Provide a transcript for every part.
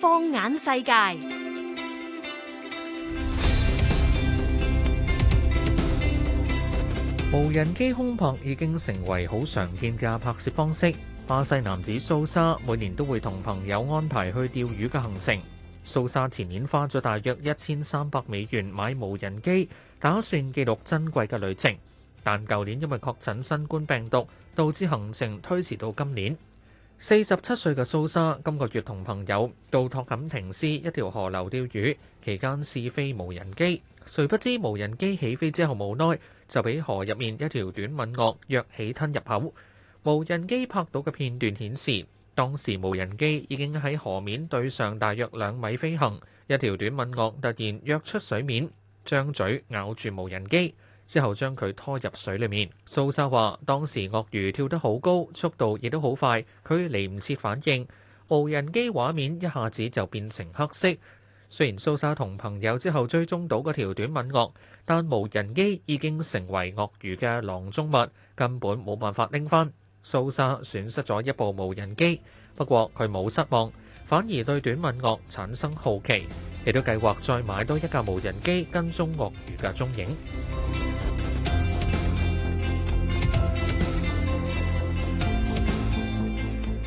放眼世界，無人機空拍已經成為好常見嘅拍攝方式。巴西男子蘇莎每年都會同朋友安排去釣魚嘅行程。蘇莎前年花咗大約一千三百美元買無人機，打算記錄珍貴嘅旅程。但舊年因為確診新冠病毒，導致行程推遲到今年。四十七歲嘅蘇莎，今個月同朋友到托坎廷斯一條河流釣魚，期間試飛無人機。誰不知無人機起飛之後，無奈就俾河入面一條短吻鱷躍起吞入口。無人機拍到嘅片段顯示，當時無人機已經喺河面對上大約兩米飛行，一條短吻鱷突然躍出水面，張嘴咬住無人機。之後將佢拖入水裡面。蘇莎話：當時鱷魚跳得好高，速度亦都好快，佢嚟唔切反應。無人機畫面一下子就變成黑色。雖然蘇莎同朋友之後追蹤到嗰條短吻鱷，但無人機已經成為鱷魚嘅囊中物，根本冇辦法拎返。蘇莎損失咗一部無人機，不過佢冇失望，反而對短吻鱷產生好奇，亦都計劃再買多一架無人機跟蹤鱷魚嘅蹤影。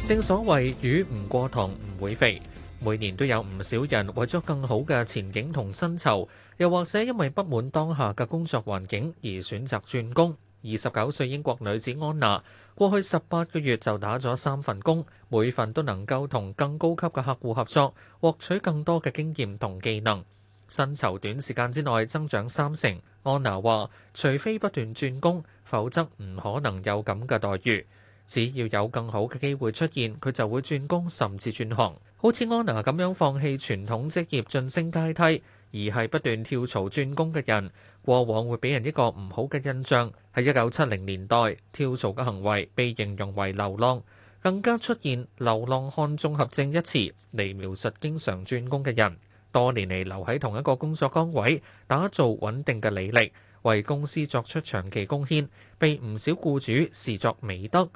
正所謂魚唔過塘唔會肥，每年都有唔少人為咗更好嘅前景同薪酬，又或者因為不滿當下嘅工作環境而選擇轉工。二十九歲英國女子安娜過去十八個月就打咗三份工，每份都能夠同更高級嘅客戶合作，獲取更多嘅經驗同技能。薪酬短時間之內增長三成。安娜話，除非不斷轉工，否則唔可能有咁嘅待遇。只要有更好嘅機會出現，佢就會轉工甚至轉行。好似安娜咁樣放棄傳統職業晉升階梯，而係不斷跳槽轉工嘅人，過往會俾人一個唔好嘅印象。喺一九七零年代，跳槽嘅行為被形容為流浪，更加出現流浪漢綜合症一詞嚟描述經常轉工嘅人。多年嚟留喺同一個工作崗位，打造穩定嘅履歷，為公司作出長期貢獻，被唔少雇主視作美德。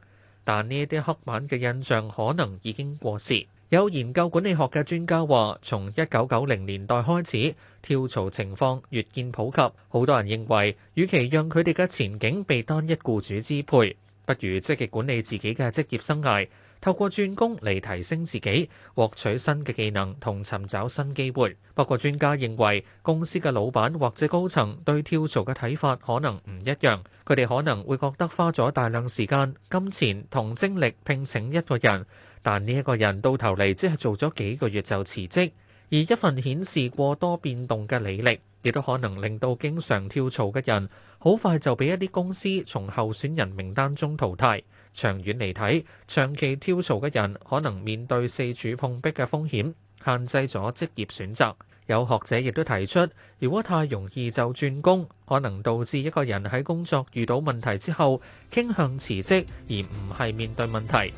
但呢啲黑板嘅印象可能已經過時，有研究管理學嘅專家話，從一九九零年代開始，跳槽情況越見普及。好多人認為，與其讓佢哋嘅前景被單一僱主支配，不如積極管理自己嘅職業生涯。透過轉工嚟提升自己，獲取新嘅技能同尋找新機會。不過，專家認為公司嘅老闆或者高層對跳槽嘅睇法可能唔一樣，佢哋可能會覺得花咗大量時間、金錢同精力聘請一個人，但呢一個人到頭嚟只係做咗幾個月就辭職。而一份顯示過多變動嘅履歷，亦都可能令到經常跳槽嘅人好快就俾一啲公司從候選人名單中淘汰。長遠嚟睇，長期跳槽嘅人可能面對四處碰壁嘅風險，限制咗職業選擇。有學者亦都提出，如果太容易就轉工，可能導致一個人喺工作遇到問題之後傾向辭職，而唔係面對問題。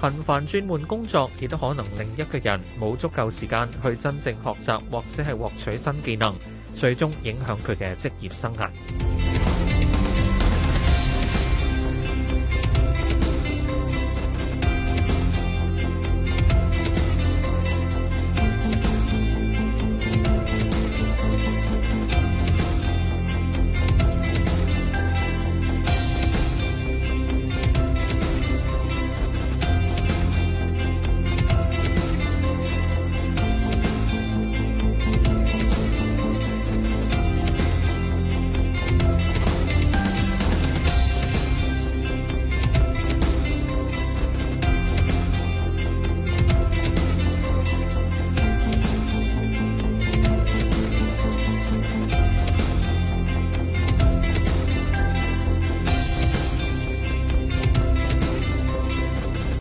頻繁轉換工作亦都可能令一個人冇足夠時間去真正學習，或者係獲取新技能，最終影響佢嘅職業生涯。